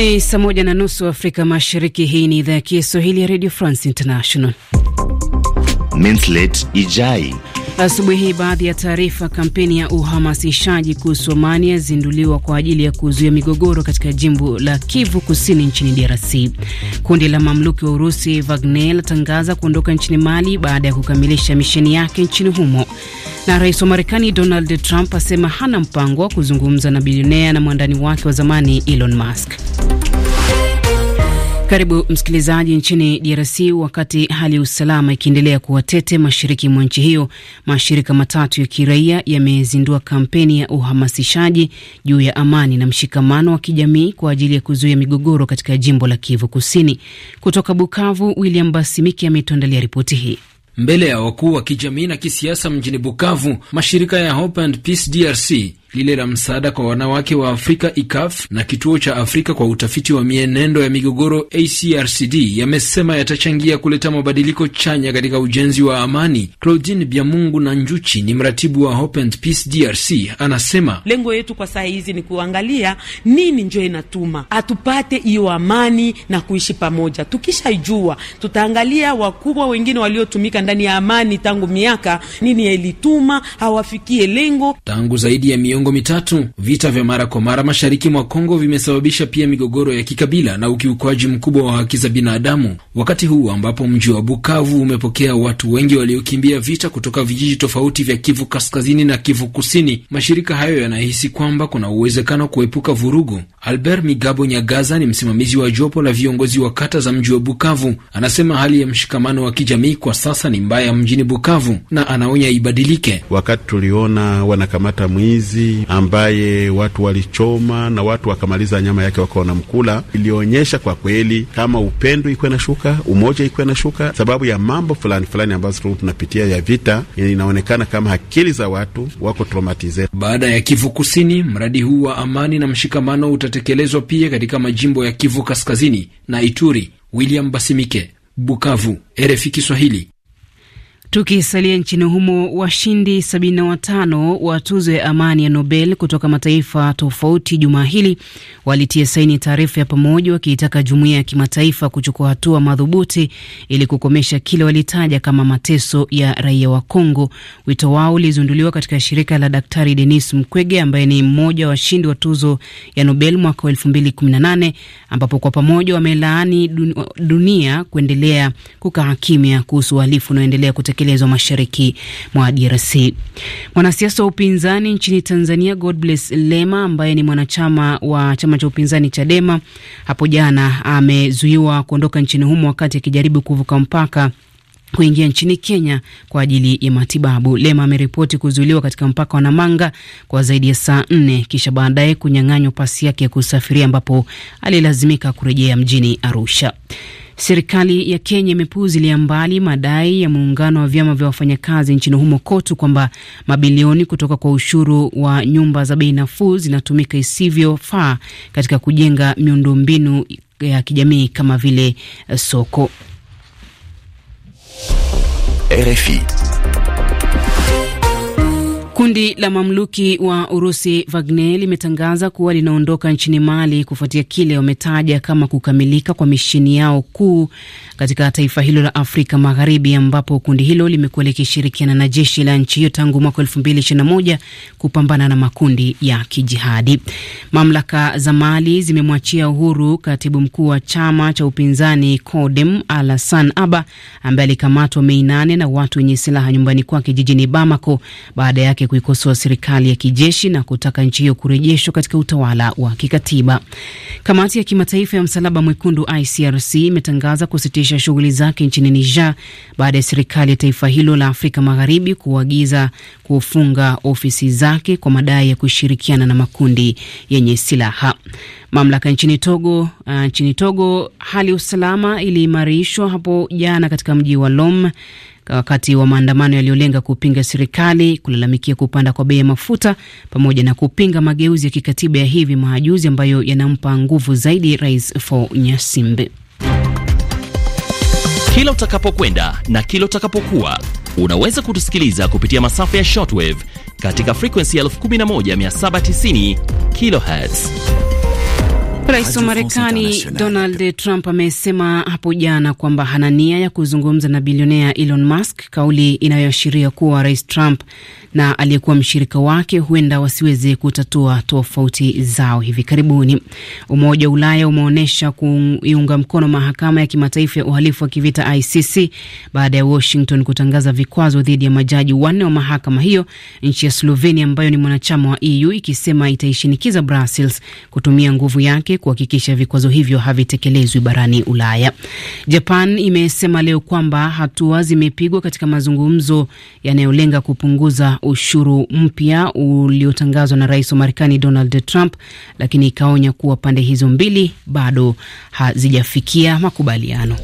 Ni saa moja na nusu Afrika Mashariki. Hii ni idhaa ya Kiswahili ya Radio France International. Ijai. Asubuhi hii baadhi ya taarifa. Kampeni ya uhamasishaji kuhusu amani yazinduliwa kwa ajili ya kuzuia migogoro katika jimbo la Kivu Kusini nchini DRC. Kundi la mamluki wa Urusi Wagner latangaza kuondoka nchini Mali baada ya kukamilisha misheni yake nchini humo. Na rais wa Marekani Donald Trump asema hana mpango wa kuzungumza na bilionea na mwandani wake wa zamani Elon Musk. Karibu msikilizaji. Nchini DRC, wakati hali ya usalama ikiendelea kuwa tete mashariki mwa nchi hiyo, mashirika matatu ya kiraia yamezindua kampeni ya uhamasishaji juu ya amani na mshikamano wa kijamii kwa ajili ya kuzuia migogoro katika jimbo la Kivu Kusini. Kutoka Bukavu, William Basimiki ametuandalia ripoti hii. Mbele ya wakuu wa kijamii na kisiasa mjini Bukavu, mashirika ya Hope and Peace DRC lile la msaada kwa wanawake wa Afrika ICAF na kituo cha Afrika kwa utafiti wa mienendo ya migogoro ACRCD yamesema yatachangia kuleta mabadiliko chanya katika ujenzi wa amani. Claudine Byamungu na Njuchi ni mratibu wa Hope and Peace DRC, anasema lengo yetu kwa saa hizi ni kuangalia nini njo inatuma atupate hiyo amani na kuishi pamoja. Tukishaijua tutaangalia wakubwa wengine waliotumika ndani ya amani tangu miaka nini yalituma hawafikie lengo tangu zaidi ya miongo miongo mitatu, vita vya mara kwa mara mashariki mwa Kongo vimesababisha pia migogoro ya kikabila na ukiukwaji mkubwa wa haki za binadamu, wakati huu ambapo mji wa Bukavu umepokea watu wengi waliokimbia vita kutoka vijiji tofauti vya Kivu Kaskazini na Kivu Kusini. Mashirika hayo yanahisi kwamba kuna uwezekano kuepuka vurugu. Albert Migabo Nyagaza ni msimamizi wa jopo la viongozi wa kata za mji wa Bukavu. Anasema hali ya mshikamano wa kijamii kwa sasa ni mbaya mjini Bukavu na anaonya ibadilike. Wakati tuliona wanakamata mwizi ambaye watu walichoma na watu wakamaliza nyama yake wakawa mkula Ilionyesha kwa kweli kama upendo iko shuka umoja iko shuka sababu ya mambo fulani fulani ambazo tunapitia ya vita. Inaonekana kama akili za watu wako traumatize. Baada ya Kivu Kusini, mradi huu wa amani na mshikamano utatekelezwa pia katika majimbo ya Kivu Kaskazini na Ituri. William Basimike, Bukavu, RFI Kiswahili. Tukisalia nchini humo, washindi 75 wa tuzo ya amani ya Nobel kutoka mataifa tofauti jumaa hili walitia saini taarifa ya pamoja wakiitaka jumuiya ya kimataifa kuchukua hatua madhubuti ili kukomesha kile walitaja kama mateso ya raia wa Kongo. Wito wao ulizinduliwa katika shirika la Daktari Denis Mkwege ambaye ni mmoja wa washindi wa tuzo ya Nobel mwaka 2018 ambapo kwa pamoja wamelaani dunia kuendelea kukaa kimya kuhusu uhalifu unaoendelea kutekelezwa mashariki mwa DRC. Mwanasiasa wa upinzani nchini Tanzania Godbless Lema ambaye ni mwanachama wa chama cha upinzani Chadema hapo jana amezuiwa kuondoka nchini humo wakati akijaribu kuvuka mpaka kuingia nchini Kenya kwa ajili ya matibabu. Lema ameripoti kuzuiliwa katika mpaka wa Namanga kwa zaidi ya saa nne kisha baadaye kunyang'anywa pasi yake ya kusafiria ambapo alilazimika kurejea mjini Arusha. Serikali ya Kenya imepuuzilia mbali madai ya muungano wa vyama vya wafanyakazi nchini humo KOTU kwamba mabilioni kutoka kwa ushuru wa nyumba za bei nafuu zinatumika isivyofaa katika kujenga miundombinu ya kijamii kama vile eh, soko. RFI. Kundi la mamluki wa Urusi Wagner limetangaza kuwa linaondoka nchini Mali kufuatia kile wametaja kama kukamilika kwa misheni yao kuu katika taifa hilo la Afrika Magharibi, ambapo kundi hilo limekuwa likishirikiana na jeshi la nchi hiyo tangu mwaka 221 kupambana na makundi ya kijihadi. Mamlaka za Mali zimemwachia uhuru katibu mkuu wa chama cha upinzani CODEM Alasan Aba ambaye alikamatwa Mei 8 na watu wenye silaha nyumbani kwake jijini Bamako baada yake kuikosoa serikali ya kijeshi na kutaka nchi hiyo kurejeshwa katika utawala wa kikatiba. Kamati ya kimataifa ya msalaba mwekundu ICRC imetangaza kusitisha shughuli zake nchini Niger baada ya serikali ya taifa hilo la Afrika Magharibi kuagiza kufunga ofisi zake kwa madai ya kushirikiana na makundi yenye silaha. Mamlaka nchini Togo, uh, nchini Togo hali ya usalama iliimarishwa hapo jana katika mji wa Lome wakati wa maandamano yaliyolenga kupinga serikali, kulalamikia kupanda kwa bei ya mafuta pamoja na kupinga mageuzi ya kikatiba ya hivi majuzi ambayo yanampa nguvu zaidi Rais Faure Nyasimbe. Kila utakapokwenda na kila utakapokuwa unaweza kutusikiliza kupitia masafa ya shortwave katika frequency ya 11790 kilohertz Rais wa Marekani Donald Trump amesema hapo jana kwamba hana nia ya kuzungumza na bilionea Elon Musk, kauli inayoashiria kuwa Rais Trump na aliyekuwa mshirika wake huenda wasiweze kutatua tofauti zao hivi karibuni. Umoja wa Ulaya umeonyesha kuiunga mkono mahakama ya kimataifa ya uhalifu wa kivita ICC baada ya Washington kutangaza vikwazo dhidi ya majaji wanne wa mahakama hiyo, nchi ya Slovenia ambayo ni mwanachama wa EU ikisema itaishinikiza Brussels kutumia nguvu yake kuhakikisha vikwazo hivyo havitekelezwi barani Ulaya. Japan imesema leo kwamba hatua zimepigwa katika mazungumzo yanayolenga kupunguza ushuru mpya uliotangazwa na rais wa Marekani Donald Trump, lakini ikaonya kuwa pande hizo mbili bado hazijafikia makubaliano.